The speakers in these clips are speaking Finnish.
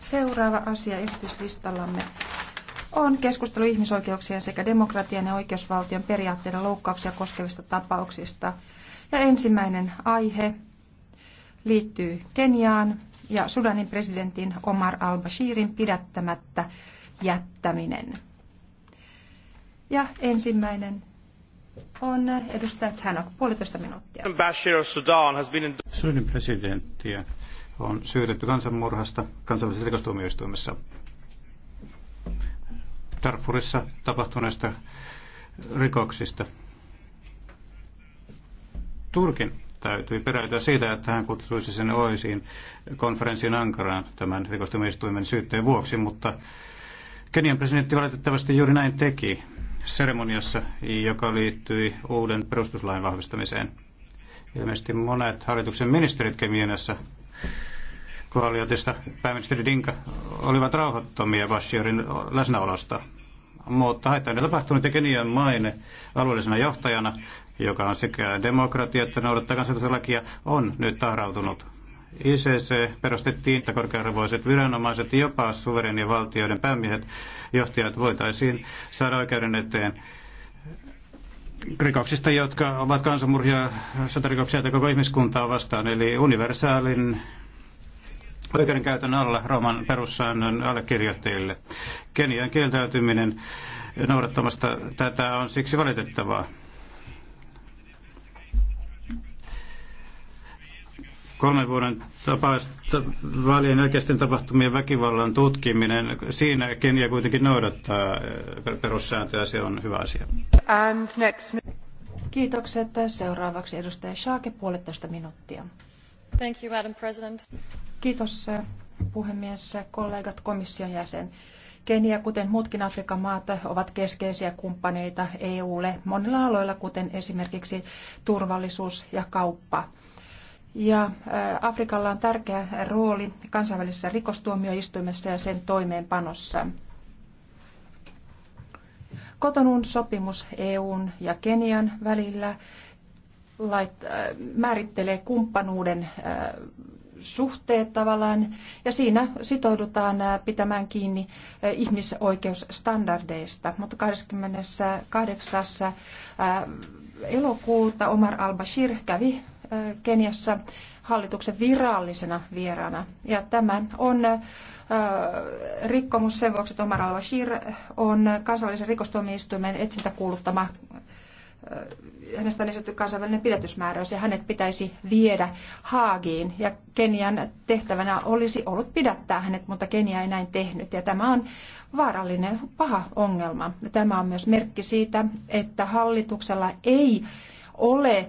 Seuraava asia esityslistallamme on keskustelu ihmisoikeuksien sekä demokratian ja oikeusvaltion periaatteiden loukkauksia koskevista tapauksista. Ja ensimmäinen aihe liittyy Keniaan ja Sudanin presidentin Omar al-Bashirin pidättämättä jättäminen. Ja ensimmäinen on edustaja Tanok, puolitoista minuuttia. Sudanin presidenttiä on syytetty kansanmurhasta kansallisessa rikostuomioistuimessa. Darfurissa tapahtuneista rikoksista. Turkin täytyi peräytyä siitä, että hän kutsuisi sen oisiin konferenssiin Ankaraan tämän rikostuomioistuimen syytteen vuoksi, mutta Kenian presidentti valitettavasti juuri näin teki seremoniassa, joka liittyi uuden perustuslain vahvistamiseen. Ilmeisesti monet hallituksen ministerit Kemienässä koalioitista pääministeri Dinka olivat rauhoittomia Bashirin läsnäolosta. Mutta haittain tapahtunut ja Kenian maine alueellisena johtajana, joka on sekä demokratia että noudattaa kansallisuuslakia, on nyt tahrautunut. ICC perustettiin, että korkearvoiset viranomaiset, jopa suverenien valtioiden päämiehet, johtajat voitaisiin saada oikeuden eteen rikoksista, jotka ovat kansanmurhia, sotarikoksia tai koko ihmiskuntaa vastaan, eli universaalin oikeudenkäytön alla Rooman perussäännön allekirjoittajille. Kenian kieltäytyminen noudattamasta tätä on siksi valitettavaa. kolmen vuoden tapaista vaalien jälkeisten tapahtumien väkivallan tutkiminen, siinä Kenia kuitenkin noudattaa eh, perussääntöä, se on hyvä asia. And next... Kiitokset. Seuraavaksi edustaja Shaake, puolitoista minuuttia. Madam President. Kiitos eh, puhemies, eh, kollegat, komission jäsen. Kenia, kuten muutkin Afrikan maat, eh, ovat keskeisiä kumppaneita EUlle monilla aloilla, kuten esimerkiksi turvallisuus ja kauppa. Ja Afrikalla on tärkeä rooli kansainvälisessä rikostuomioistuimessa ja sen toimeenpanossa. Kotonun sopimus EUn ja Kenian välillä lait, äh, määrittelee kumppanuuden äh, suhteet tavallaan, ja siinä sitoudutaan äh, pitämään kiinni ihmisoikeusstandardeista. Mutta 28. elokuuta Omar al-Bashir kävi Keniassa hallituksen virallisena vieraana. Ja tämä on rikkomus sen vuoksi, että Omar al-Bashir on kansallisen rikostuomioistuimen etsintä kuuluttama hänestä on esitetty kansainvälinen pidätysmääräys ja hänet pitäisi viedä Haagiin. Ja Kenian tehtävänä olisi ollut pidättää hänet, mutta Kenia ei näin tehnyt. Ja tämä on vaarallinen, paha ongelma. Ja tämä on myös merkki siitä, että hallituksella ei ole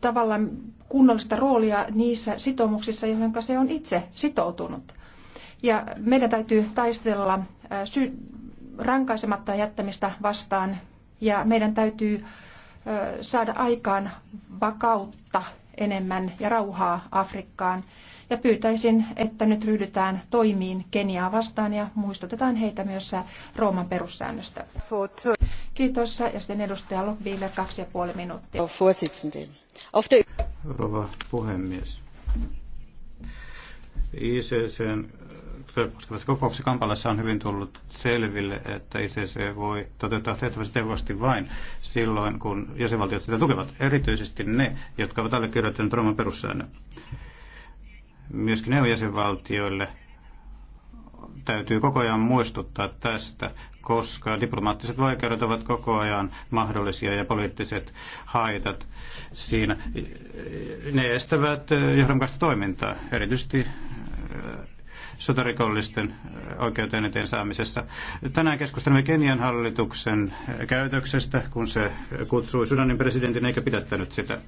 tavallaan kunnollista roolia niissä sitoumuksissa, joihin se on itse sitoutunut. Ja meidän täytyy taistella sy- rankaisematta jättämistä vastaan ja meidän täytyy saada aikaan vakautta enemmän ja rauhaa Afrikkaan. Ja pyytäisin, että nyt ryhdytään toimiin Keniaa vastaan ja muistutetaan heitä myös Rooman perussäännöstä. Kiitos. Ja sitten edustaja Lobbille kaksi ja puoli minuuttia. Rouva puhemies. ICCn koskevassa kokouksessa Kampalassa on hyvin tullut selville, että ICC voi toteuttaa tehtävästi tehokkaasti vain silloin, kun jäsenvaltiot sitä tukevat, erityisesti ne, jotka ovat allekirjoittaneet Rooman perussäännön. Myöskin ne jäsenvaltioille täytyy koko ajan muistuttaa tästä, koska diplomaattiset vaikeudet ovat koko ajan mahdollisia ja poliittiset haitat siinä. Ne estävät johdonmukaista toimintaa, erityisesti sotarikollisten oikeuteen eteen saamisessa. Tänään keskustelemme Kenian hallituksen käytöksestä, kun se kutsui Sudanin presidentin eikä pidättänyt sitä.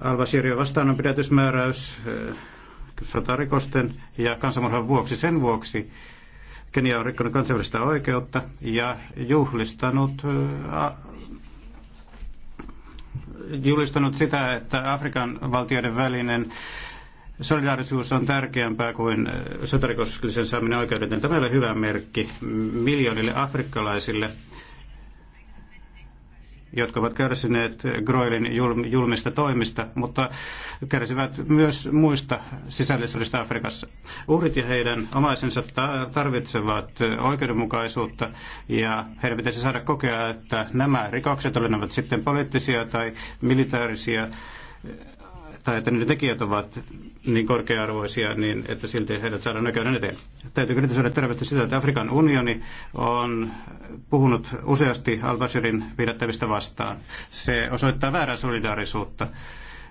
Al-Bashirin vastaan on pidätysmääräys sotarikosten ja kansanmurhan vuoksi. Sen vuoksi Kenia on rikkonut kansainvälistä oikeutta ja juhlistanut julistanut sitä, että Afrikan valtioiden välinen solidaarisuus on tärkeämpää kuin äh, sotarikollisen saaminen oikeudeteen. Tämä on hyvä merkki miljoonille afrikkalaisille, jotka ovat kärsineet Groilin julmista toimista, mutta kärsivät myös muista sisällisistä Afrikassa. Uhrit ja heidän omaisensa tarvitsevat oikeudenmukaisuutta ja heidän pitäisi saada kokea, että nämä rikokset, olivat sitten poliittisia tai militaarisia, tai että niiden tekijät ovat niin korkea-arvoisia, niin että silti heidät saadaan oikeuden eteen. Täytyy kritisoida terveesti sitä, että Afrikan unioni on puhunut useasti Al-Bashirin pidättävistä vastaan. Se osoittaa väärää solidaarisuutta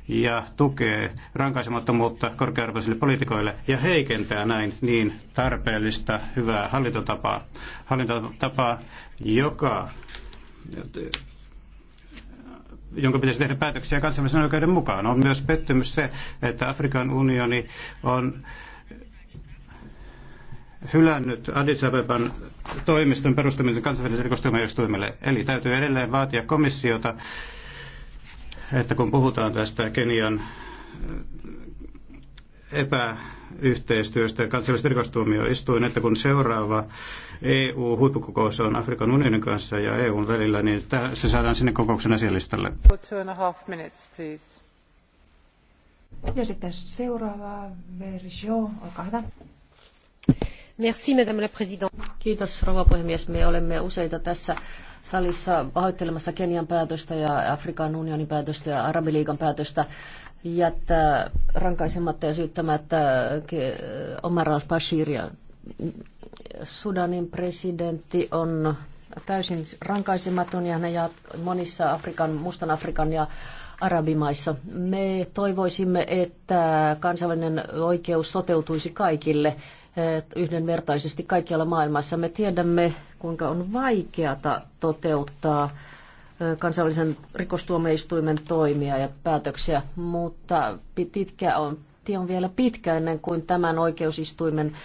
ja tukee rankaisemattomuutta korkearvoisille poliitikoille ja heikentää näin niin tarpeellista hyvää hallintotapaa, hallintotapaa joka jonka pitäisi tehdä päätöksiä kansainvälisen oikeuden mukaan. On myös pettymys se, että Afrikan unioni on hylännyt Addis Abeban toimiston perustamisen kansainvälisen rikostuomioistuimelle. Eli täytyy edelleen vaatia komissiota, että kun puhutaan tästä Kenian epäyhteistyöstä kansainvälistä rikostuomioistuin, että kun seuraava EU-huippukokous on Afrikan unionin kanssa ja EUn välillä, niin se saadaan sinne kokouksen asialistalle. Ja sitten seuraava versio, olkaa hyvä. Merci, madame la présidente. Kiitos, rouva puhemies. Me olemme useita tässä salissa pahoittelemassa Kenian päätöstä ja Afrikan unionin päätöstä ja Arabiliikan päätöstä jättää rankaisematta ja syyttämättä eh, Omar al-Bashiria. Sudanin presidentti on täysin rankaisematon ja monissa Afrikan, Mustan Afrikan ja arabimaissa. Me toivoisimme, että kansainvälinen oikeus toteutuisi kaikille eh, yhdenvertaisesti kaikkialla maailmassa. Me tiedämme, kuinka on vaikeata toteuttaa kansainvälisen rikostuomioistuimen toimia ja päätöksiä, mutta pitkä on, tie on vielä pitkä ennen kuin tämän oikeusistuimen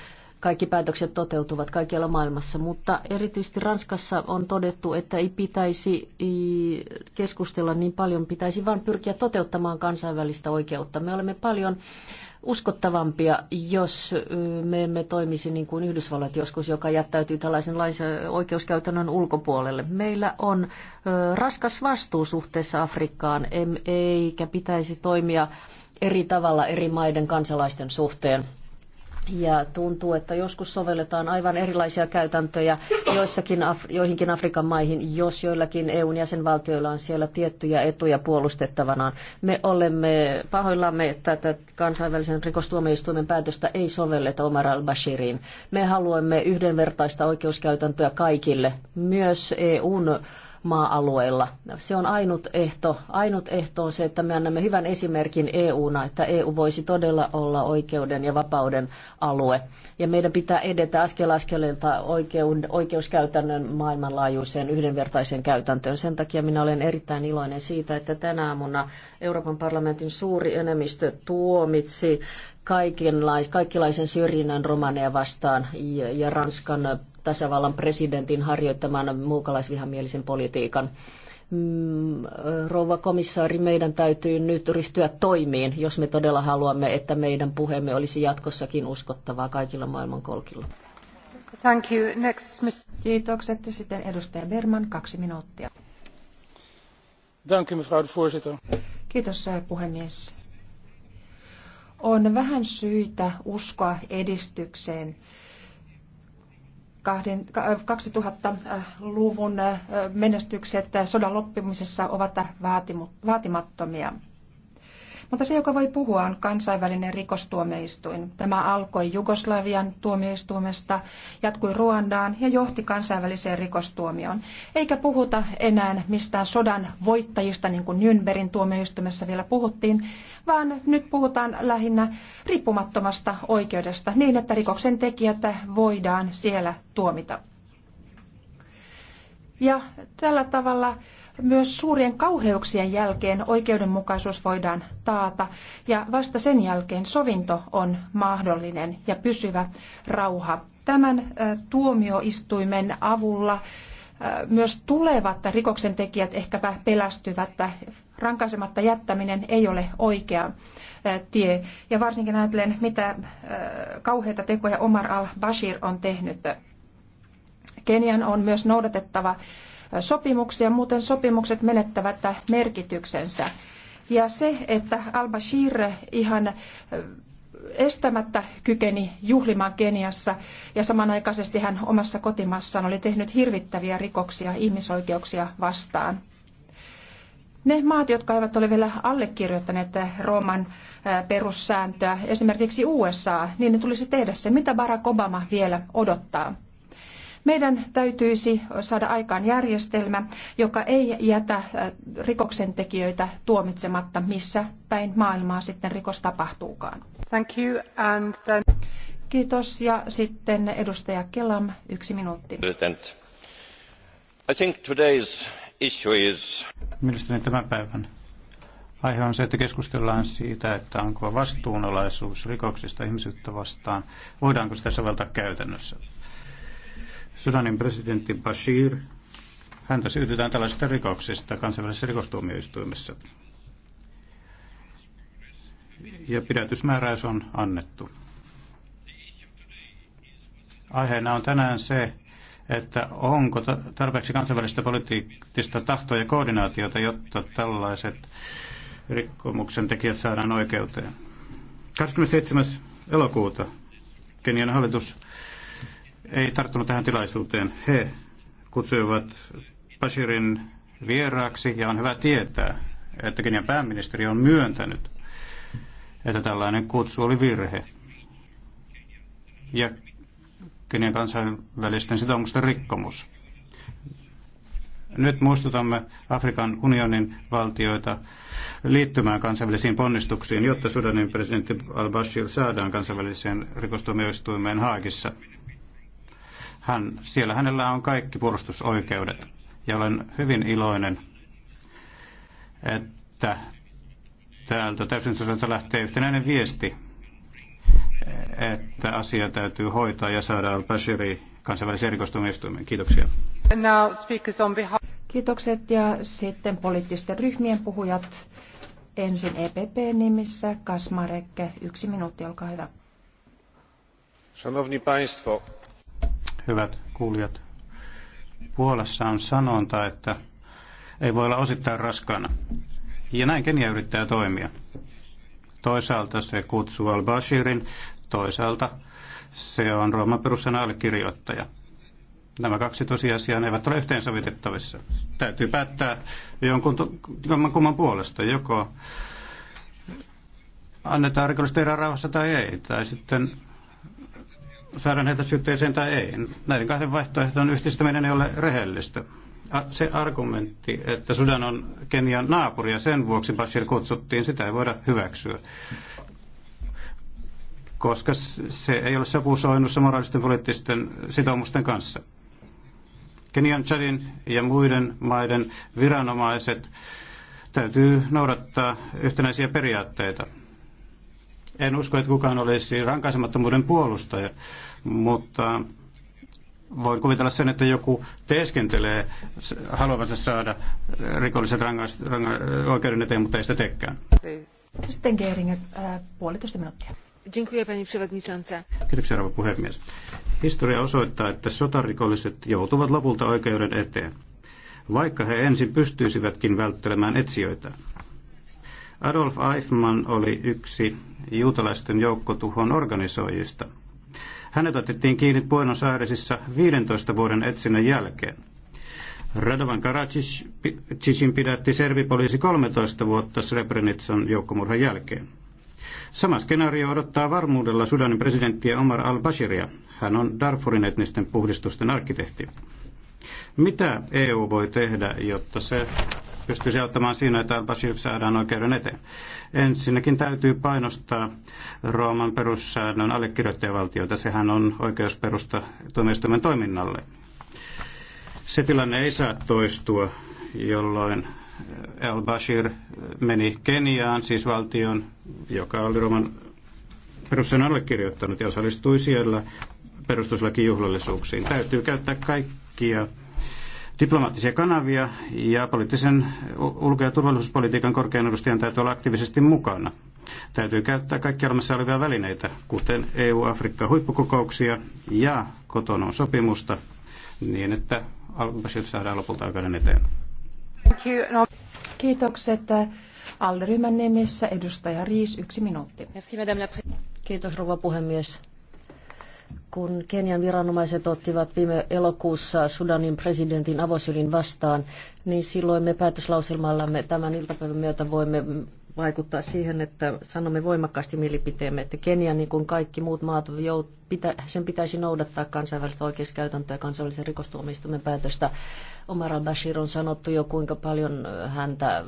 kaikki päätökset toteutuvat kaikkialla maailmassa, mutta erityisesti Ranskassa on todettu, että ei pitäisi keskustella niin paljon, pitäisi vain pyrkiä toteuttamaan kansainvälistä oikeutta. Me olemme paljon uskottavampia, jos me emme toimisi niin kuin Yhdysvallat joskus, joka jättäytyy tällaisen laisen oikeuskäytännön ulkopuolelle. Meillä on raskas vastuu suhteessa Afrikkaan, eikä pitäisi toimia eri tavalla eri maiden kansalaisten suhteen. Ja tuntuu, että joskus sovelletaan aivan erilaisia käytäntöjä joissakin Af- joihinkin Afrikan maihin, jos joillakin EUn jäsenvaltioilla on siellä tiettyjä etuja puolustettavanaan. Me olemme pahoillamme, että tätä kansainvälisen rikostuomioistuimen päätöstä ei sovelleta Omar al-Bashiriin. Me haluamme yhdenvertaista oikeuskäytäntöä kaikille, myös EUn maa-alueilla. Se on ainut ehto. Ainut ehto on se, että me annamme hyvän esimerkin EUna, että EU voisi todella olla oikeuden ja vapauden alue. Ja meidän pitää edetä askel askeleelta oikeuskäytännön maailmanlaajuiseen yhdenvertaiseen käytäntöön. Sen takia minä olen erittäin iloinen siitä, että tänä aamuna Euroopan parlamentin suuri enemmistö tuomitsi kaikenlaisen kaikkilaisen syrjinnän romaneja vastaan ja, ja Ranskan tasavallan presidentin harjoittaman muukalaisvihamielisen politiikan. Mm, rouva komissaari, meidän täytyy nyt ryhtyä toimiin, jos me todella haluamme, että meidän puheemme olisi jatkossakin uskottavaa kaikilla maailman kolkilla. Thank you. Next, Mr. Kiitokset. Sitten edustaja Berman, kaksi minuuttia. Thank you, mevrouw de voorzitter. Kiitos, eh, puhemies. On vähän syitä uskoa edistykseen 2000-luvun äh, äh, äh, menestykset sodan loppumisessa ovat vaatimattomia. Mutta se, joka voi puhua, on kansainvälinen rikostuomioistuin. Tämä alkoi Jugoslavian tuomioistuimesta, jatkui Ruandaan ja johti kansainväliseen rikostuomioon. Eikä puhuta enää mistään sodan voittajista, niin kuin Nürnbergin tuomioistuimessa vielä puhuttiin, vaan nyt puhutaan lähinnä riippumattomasta oikeudesta niin, että rikoksen tekijät voidaan siellä tuomita. Ja tällä tavalla myös suurien kauheuksien jälkeen oikeudenmukaisuus voidaan taata ja vasta sen jälkeen sovinto on mahdollinen ja pysyvä rauha. Tämän tuomioistuimen avulla myös tulevat rikoksentekijät ehkäpä pelästyvät, että rankaisematta jättäminen ei ole oikea tie. Ja varsinkin ajatellen, mitä kauheita tekoja Omar al-Bashir on tehnyt. Kenian on myös noudatettava sopimuksia, muuten sopimukset menettävät merkityksensä. Ja se, että al-Bashir ihan estämättä kykeni juhlimaan Keniassa ja samanaikaisesti hän omassa kotimaassaan oli tehnyt hirvittäviä rikoksia ihmisoikeuksia vastaan. Ne maat, jotka eivät ole vielä allekirjoittaneet Rooman perussääntöä, esimerkiksi USA, niin ne tulisi tehdä se, mitä Barack Obama vielä odottaa. Meidän täytyisi saada aikaan järjestelmä, joka ei jätä rikoksentekijöitä tuomitsematta, missä päin maailmaa sitten rikos tapahtuukaan. Thank you and then... Kiitos ja sitten edustaja Kelam, yksi minuutti. President. I think today's issue is... Mielestäni tämän päivän aihe on se, että keskustellaan siitä, että onko vastuunalaisuus rikoksista ihmisyyttä vastaan, voidaanko sitä soveltaa käytännössä. Sudanin presidentti Bashir, häntä syytetään tällaisesta rikoksesta kansainvälisessä rikostuomioistuimessa. Ja pidätysmääräys on annettu. Aiheena on tänään se, että onko tarpeeksi kansainvälistä poliittista tahtoa ja koordinaatiota, jotta tällaiset rikkomuksen tekijät saadaan oikeuteen. 27. elokuuta Kenian hallitus ei tarttunut tähän tilaisuuteen. He kutsuivat Bashirin vieraaksi ja on hyvä tietää, että Kenian pääministeri on myöntänyt, että tällainen kutsu oli virhe. Ja Kenian kansainvälisten sitoumusten rikkomus. Nyt muistutamme Afrikan unionin valtioita liittymään kansainvälisiin ponnistuksiin, jotta Sudanin presidentti al-Bashir saadaan kansainväliseen rikostuomioistuimeen Haagissa. Hän, siellä hänellä on kaikki puolustusoikeudet. Ja olen hyvin iloinen, että täältä täysin lähtee yhtenäinen viesti, että asia täytyy hoitaa ja saada al-Bashiri kansainvälisen erikoistumistuimen. Kiitoksia. Kiitokset ja sitten poliittisten ryhmien puhujat. Ensin EPP-nimissä Kasmarekke, Yksi minuutti, olkaa hyvä. Szanowni Państwo, hyvät kuulijat. Puolassa on sanonta, että ei voi olla osittain raskaana. Ja näin Kenia yrittää toimia. Toisaalta se kutsuu al-Bashirin, toisaalta se on Rooman perussana allekirjoittaja. Nämä kaksi tosiasiaa eivät ole yhteensovitettavissa. Täytyy päättää jonkun to- kumman puolesta. Joko annetaan rikollista erää rauhassa tai ei. Tai sitten saadaan heitä syytteeseen tai ei. Näiden kahden vaihtoehdon yhdistäminen ei ole rehellistä. Se argumentti, että Sudan on Kenian naapuri ja sen vuoksi Bashir kutsuttiin, sitä ei voida hyväksyä. Koska se ei ole sopusoinnussa moraalisten poliittisten sitoumusten kanssa. Kenian, Chadin ja muiden maiden viranomaiset täytyy noudattaa yhtenäisiä periaatteita. En usko, että kukaan olisi rankaisemattomuuden puolustaja, mutta voin kuvitella sen, että joku teeskentelee haluavansa saada rikolliset rangaist, oikeuden eteen, mutta ei sitä teekään. Sitten Geering, äh, puolitoista minuuttia. Kiitoksia, rouva puhemies. Historia osoittaa, että sotarikolliset joutuvat lopulta oikeuden eteen, vaikka he ensin pystyisivätkin välttelemään etsijöitä. Adolf Eichmann oli yksi juutalaisten joukkotuhon organisoijista – hänet otettiin kiinni Buenos Airesissa 15 vuoden etsinnän jälkeen. Radovan Karacicin pidätti servipoliisi 13 vuotta Srebrenitsan joukkomurhan jälkeen. Sama skenaario odottaa varmuudella Sudanin presidenttiä Omar al-Bashiria. Hän on Darfurin etnisten puhdistusten arkkitehti. Mitä EU voi tehdä, jotta se pystyisi auttamaan siinä, että al-Bashir saadaan oikeuden eteen? Ensinnäkin täytyy painostaa Rooman perussäännön allekirjoittajavaltiota. Sehän on oikeusperusta tuomioistuimen toiminnalle. Se tilanne ei saa toistua, jolloin al-Bashir meni Keniaan, siis valtion, joka oli Rooman perussäännön allekirjoittanut ja osallistui siellä perustuslakijuhlallisuuksiin. Täytyy käyttää kaikki tutkia diplomaattisia kanavia ja poliittisen ulko- ja turvallisuuspolitiikan korkean edustajan täytyy olla aktiivisesti mukana. Täytyy käyttää kaikki olemassa olevia välineitä, kuten EU-Afrikka-huippukokouksia ja kotonon sopimusta, niin että alkupääsyt saadaan lopulta aikainen eteen. Kiitokset. Alderyhmän nimissä edustaja Riis, yksi minuutti. Kiitos rouva puhemies kun Kenian viranomaiset ottivat viime elokuussa Sudanin presidentin avosylin vastaan, niin silloin me päätöslauselmallamme tämän iltapäivän myötä voimme vaikuttaa siihen, että sanomme voimakkaasti mielipiteemme, että Kenia, niin kuin kaikki muut maat, sen pitäisi noudattaa kansainvälistä oikeuskäytäntöä ja kansainvälisen rikostuomioistuimen päätöstä. Omar al-Bashir on sanottu jo, kuinka paljon häntä,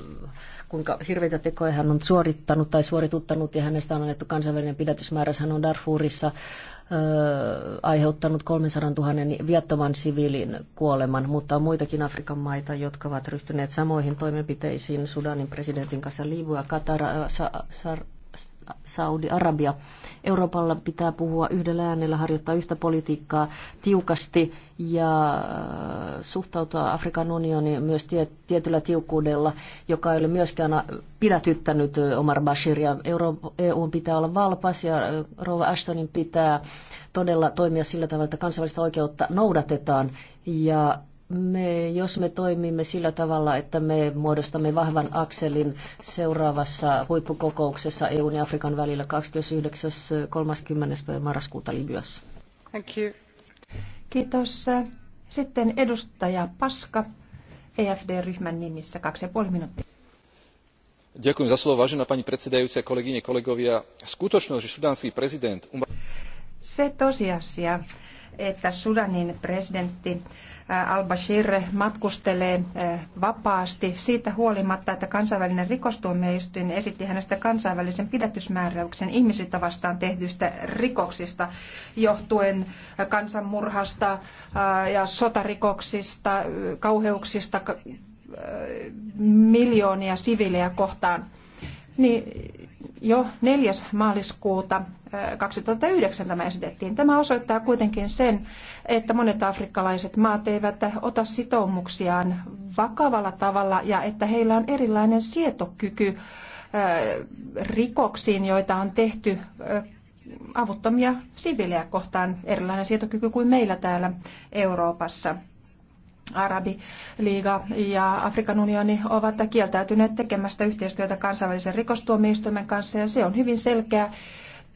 kuinka hirveitä tekoja hän on suorittanut tai suorituttanut, ja hänestä on annettu kansainvälinen pidätysmäärä, Hän on Darfurissa aiheuttanut 300 000 viattoman siviilin kuoleman, mutta on muitakin Afrikan maita, jotka ovat ryhtyneet samoihin toimenpiteisiin Sudanin presidentin kanssa. Sa, Sa, Saudi-Arabia. Euroopalla pitää puhua yhdellä äänellä, harjoittaa yhtä politiikkaa tiukasti ja äh, suhtautua Afrikan unioniin myös tie, tietyllä tiukkuudella, joka ei ole myöskään äh, pidätyttänyt äh, Omar Bashiria. Euro, EU pitää olla valpas ja Rova Ashtonin pitää todella toimia sillä tavalla, että kansainvälistä oikeutta noudatetaan ja me, jos me toimimme sillä tavalla, että me muodostamme vahvan akselin seuraavassa huippukokouksessa EUn ja Afrikan välillä 29.30. marraskuuta Libyassa. Thank you. Kiitos. Sitten edustaja Paska, EFD-ryhmän nimissä, kaksi ja puoli minuuttia. Ďakujem za slovo, vážená pani predsedajúca, kolegyne, kolegovia. Skutočnosť, že sudánsky prezident... Se tosiasia, että Sudanin presidentti al-Bashir matkustelee eh, vapaasti siitä huolimatta, että kansainvälinen rikostuomioistuin esitti hänestä kansainvälisen pidätysmääräyksen ihmisyyttä vastaan tehdyistä rikoksista johtuen kansanmurhasta eh, ja sotarikoksista, kauheuksista eh, miljoonia siviilejä kohtaan. Niin jo 4. maaliskuuta 2009 tämä esitettiin. Tämä osoittaa kuitenkin sen, että monet afrikkalaiset maat eivät ota sitoumuksiaan vakavalla tavalla ja että heillä on erilainen sietokyky rikoksiin, joita on tehty avuttomia siviilejä kohtaan, erilainen sietokyky kuin meillä täällä Euroopassa. Arabiliiga ja Afrikan unioni ovat kieltäytyneet tekemästä yhteistyötä kansainvälisen rikostuomioistuimen kanssa ja se on hyvin selkeä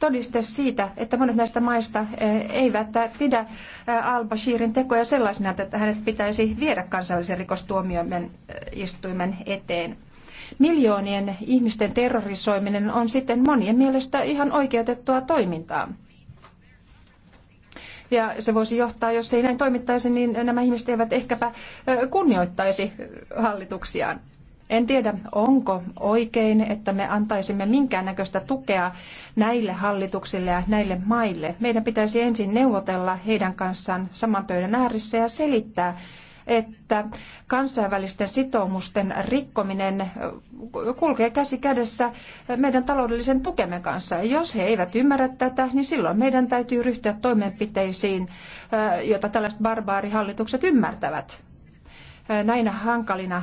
todiste siitä, että monet näistä maista eh, eivät eh, pidä eh, al-Bashirin tekoja sellaisena, että hänet pitäisi viedä kansainvälisen rikostuomioimen istuimen eteen. Miljoonien ihmisten terrorisoiminen on sitten monien mielestä ihan oikeutettua toimintaa. Ja se voisi johtaa, jos ei näin toimittaisi, niin nämä ihmiset eivät ehkäpä kunnioittaisi hallituksiaan. En tiedä, onko oikein, että me antaisimme minkäännäköistä tukea näille hallituksille ja näille maille. Meidän pitäisi ensin neuvotella heidän kanssaan saman pöydän ääressä ja selittää, että kansainvälisten sitoumusten rikkominen kulkee käsi kädessä meidän taloudellisen tukemme kanssa. Ja jos he eivät ymmärrä tätä, niin silloin meidän täytyy ryhtyä toimenpiteisiin, joita tällaiset barbaarihallitukset ymmärtävät. Näinä hankalina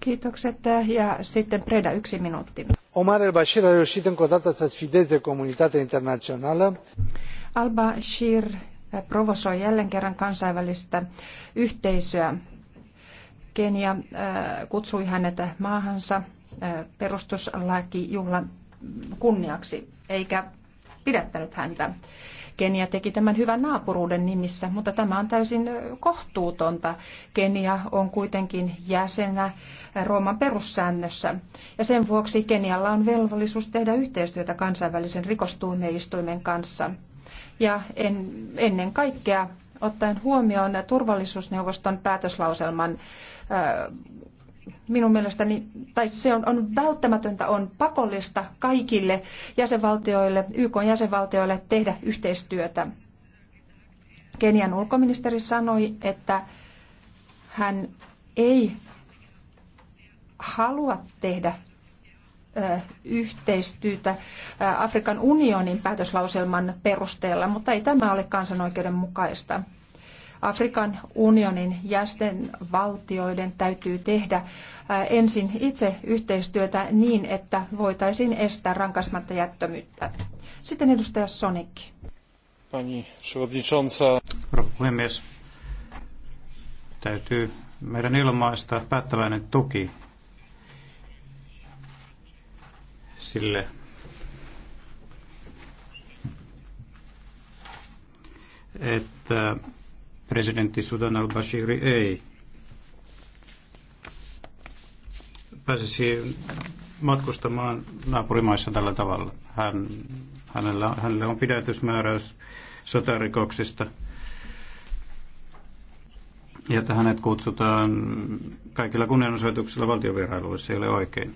Kiitokset ja sitten Preda yksi minuutti. Omar al-Bashir a reușit încă o dată să sfideze comunitatea internațională. Al-Bashir eh, provosoi jälleen kerran kansainvälistä yhteisöä. Kenia eh, kutsui hänet maahansa eh, perustuslakijuhlan kunniaksi, eikä pidättänyt häntä. Kenia teki tämän hyvän naapuruuden nimissä, mutta tämä on täysin kohtuutonta. Kenia on kuitenkin jäsenä Rooman perussäännössä ja sen vuoksi Kenialla on velvollisuus tehdä yhteistyötä kansainvälisen rikostuomioistuimen kanssa. Ja en, ennen kaikkea ottaen huomioon turvallisuusneuvoston päätöslauselman minun mielestäni, tai se on, on välttämätöntä, on pakollista kaikille jäsenvaltioille, YK jäsenvaltioille tehdä yhteistyötä. Kenian ulkoministeri sanoi, että hän ei halua tehdä yhteistyötä Afrikan unionin päätöslauselman perusteella, mutta ei tämä ole kansanoikeudenmukaista. mukaista. Afrikan unionin jäsenvaltioiden täytyy tehdä äh, ensin itse yhteistyötä niin, että voitaisiin estää rankasmatta jättömyyttä. Sitten edustaja Sonik. Pani przewodnicząca. puhemies, täytyy meidän ilmaista päättäväinen tuki sille että presidentti Sudan al-Bashiri ei pääsisi matkustamaan naapurimaissa tällä tavalla. Hän, hänellä, hänellä on pidätysmääräys sotarikoksista. Ja että hänet kutsutaan kaikilla kunnianosoituksilla valtiovierailuissa, ei ole oikein.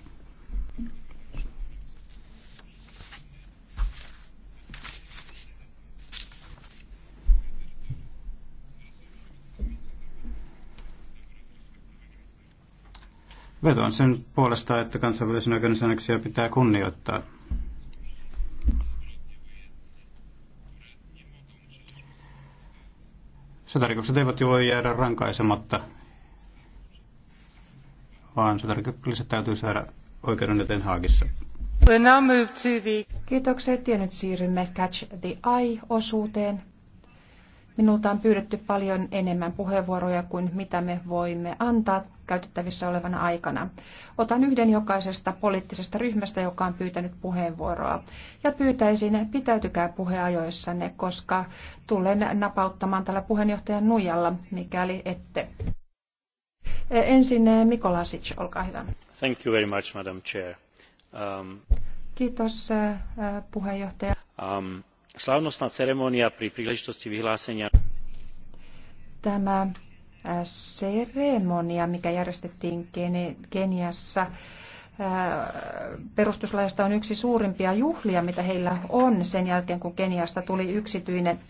Vetoan sen puolesta, että kansainvälisen oikeuden säännöksiä pitää kunnioittaa. Sotarikokset eivät voi jäädä rankaisematta, vaan sotarikokset täytyy saada oikeuden eteen haakissa. Kiitokset ja nyt siirrymme Catch the Eye-osuuteen. Minulta on pyydetty paljon enemmän puheenvuoroja kuin mitä me voimme antaa käytettävissä olevana aikana. Otan yhden jokaisesta poliittisesta ryhmästä, joka on pyytänyt puheenvuoroa. Ja pyytäisin, pitäytykää puheajoissanne, koska tulen napauttamaan tällä puheenjohtajan nuijalla, mikäli ette. Ensin eh, Mikolasic, olkaa hyvä. Thank you very much, Madam Chair. Um, Kiitos, eh, eh, puheenjohtaja. Um, slávnostná ceremónia pri príležitosti vyhlásenia Tämä seremonia, mikä järjestettiin Keniassa, perustuslaista on yksi suurimpia juhlia, mitä heillä on sen jälkeen, kun Keniasta tuli yksityinen,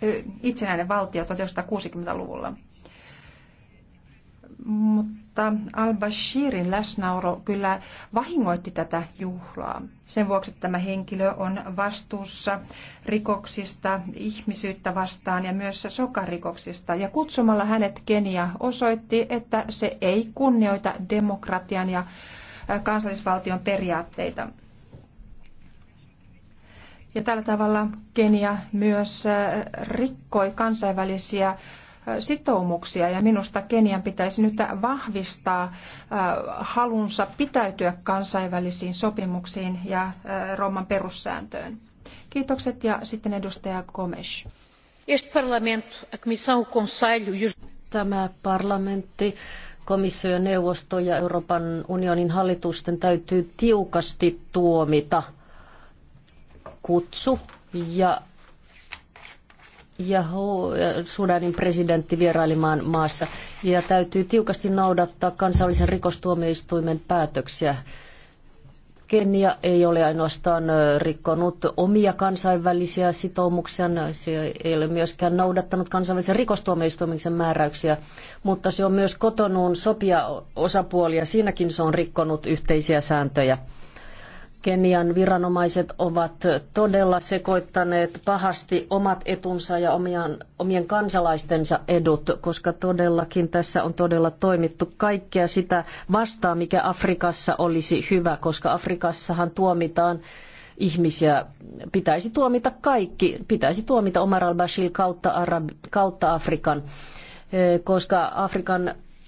itsenäinen valtio 1960-luvulla mutta al-Bashirin läsnäolo kyllä vahingoitti tätä juhlaa. Sen vuoksi tämä henkilö on vastuussa rikoksista, ihmisyyttä vastaan ja myös sokarikoksista. Ja kutsumalla hänet Kenia osoitti, että se ei kunnioita demokratian ja kansallisvaltion periaatteita. Ja tällä tavalla Kenia myös rikkoi kansainvälisiä sitoumuksia ja minusta Kenian pitäisi nyt vahvistaa halunsa pitäytyä kansainvälisiin sopimuksiin ja Rooman perussääntöön. Kiitokset ja sitten edustaja Gomes. E Tämä parlamentti, komissio ja neuvosto ja Euroopan unionin hallitusten täytyy tiukasti tuomita kutsu ja ja eh, Sudanin presidentti vierailemaan maassa. Ja täytyy tiukasti noudattaa kansallisen rikostuomioistuimen päätöksiä. Kenia ei ole ainoastaan eh, rikkonut omia kansainvälisiä sitoumuksia, se ei ole myöskään noudattanut kansainvälisen rikostuomioistuimen määräyksiä, mutta se on myös kotonuun sopia osapuolia, siinäkin se on rikkonut yhteisiä sääntöjä. Kenian viranomaiset ovat todella sekoittaneet pahasti omat etunsa ja omien omien kansalaistensa edut, koska todellakin tässä on todella toimittu kaikkea sitä vastaan, mikä Afrikassa olisi hyvä, koska Afrikassahan tuomitaan ihmisiä. Pitäisi tuomita kaikki, pitäisi tuomita Omar al-Bashir kautta, Arab, kautta Afrikan, eh, koska Afrikan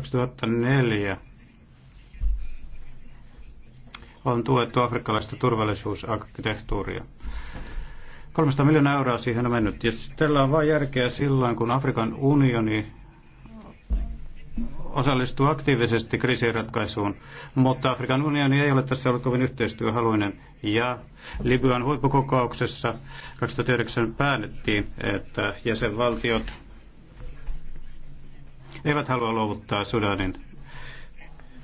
2004 on tuettu afrikkalaista turvallisuusarkkitehtuuria. 300 miljoonaa euroa siihen on mennyt. Ja tällä on vain järkeä silloin, kun Afrikan unioni osallistuu aktiivisesti kriisien ratkaisuun, mutta Afrikan unioni ei ole tässä ollut kovin yhteistyöhaluinen. Ja Libyan huippukokouksessa 2009 päätettiin, että jäsenvaltiot eivät halua luovuttaa Sudanin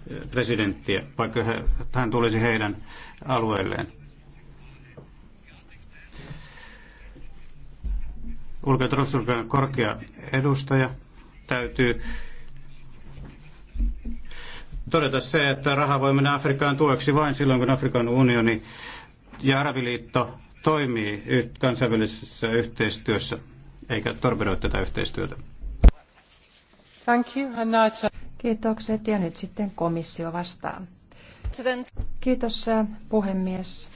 eh, presidenttiä, vaikka hän tulisi heidän alueelleen. Ulko- ja korkea edustaja täytyy todeta se, että raha voi mennä Afrikaan tueksi vain silloin, kun Afrikan unioni ja Arabiliitto toimii kansainvälisessä yhteistyössä, eikä torpedoi tätä yhteistyötä. Thank you. And a... Kiitokset ja nyt sitten komissio vastaa. Kiitos puhemies.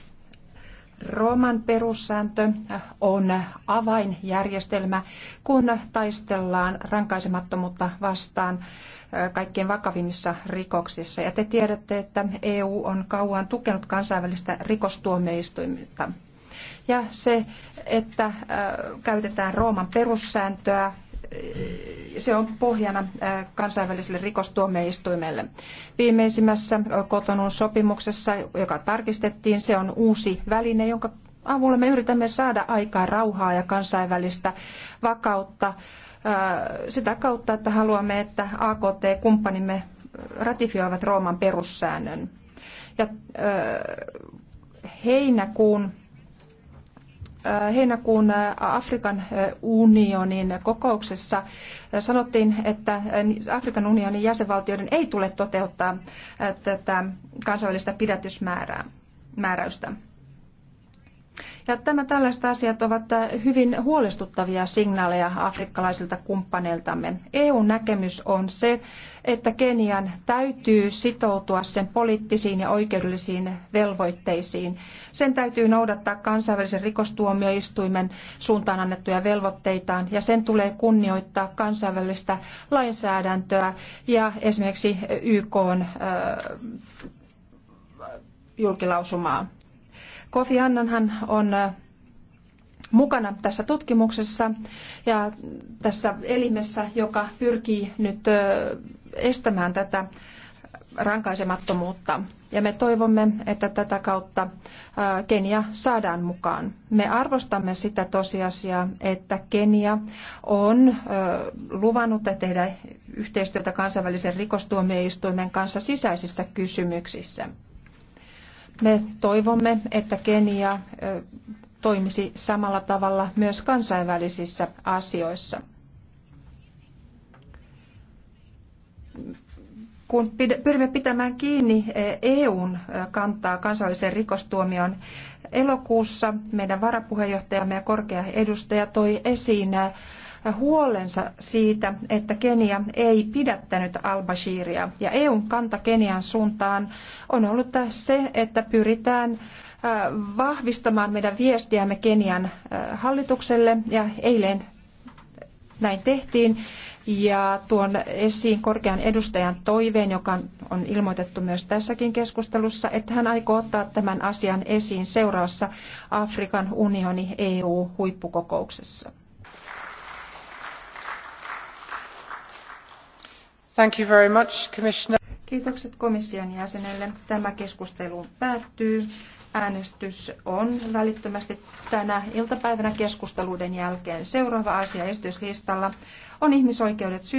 Rooman perussääntö on avainjärjestelmä, kun taistellaan rankaisemattomuutta vastaan kaikkein vakavimmissa rikoksissa. Ja te tiedätte, että EU on kauan tukenut kansainvälistä rikostuomioistuinta. Ja se, että käytetään Rooman perussääntöä se on pohjana kansainväliselle rikostuomioistuimelle. Viimeisimmässä kotonun sopimuksessa, joka tarkistettiin, se on uusi väline, jonka avulla me yritämme saada aikaa rauhaa ja kansainvälistä vakautta sitä kautta, että haluamme, että AKT-kumppanimme ratifioivat Rooman perussäännön. Ja heinäkuun heinäkuun Afrikan unionin kokouksessa sanottiin, että Afrikan unionin jäsenvaltioiden ei tule toteuttaa tätä kansainvälistä pidätysmääräystä. Ja tämä, tällaiset asiat ovat äh, hyvin huolestuttavia signaaleja afrikkalaisilta kumppaneiltamme. EU-näkemys on se, että Kenian täytyy sitoutua sen poliittisiin ja oikeudellisiin velvoitteisiin. Sen täytyy noudattaa kansainvälisen rikostuomioistuimen suuntaan annettuja velvoitteitaan ja sen tulee kunnioittaa kansainvälistä lainsäädäntöä ja esimerkiksi YK äh, julkilausumaa. Kofi Annanhan on äh, mukana tässä tutkimuksessa ja tässä elimessä, joka pyrkii nyt äh, estämään tätä rankaisemattomuutta. Ja me toivomme, että tätä kautta äh, Kenia saadaan mukaan. Me arvostamme sitä tosiasiaa, että Kenia on luvannut tehdä yhteistyötä kansainvälisen rikostuomioistuimen kanssa sisäisissä kysymyksissä. Me toivomme, että Kenia toimisi samalla tavalla myös kansainvälisissä asioissa. kun pyrimme pitämään kiinni EUn kantaa kansallisen rikostuomion elokuussa, meidän varapuheenjohtajamme ja korkea edustaja toi esiin huolensa siitä, että Kenia ei pidättänyt al-Bashiria. Ja EUn kanta Kenian suuntaan on ollut se, että pyritään äh, vahvistamaan meidän viestiämme Kenian äh, hallitukselle ja eilen näin tehtiin ja tuon esiin korkean edustajan toiveen, joka on ilmoitettu myös tässäkin keskustelussa, että hän aikoo ottaa tämän asian esiin seuraavassa Afrikan unioni EU-huippukokouksessa. Thank you very much, Commissioner. Kiitokset komission jäsenelle. Tämä keskustelu päättyy. Äänestys on välittömästi tänä iltapäivänä keskusteluiden jälkeen. Seuraava asia esityslistalla on ihmisoikeudet syy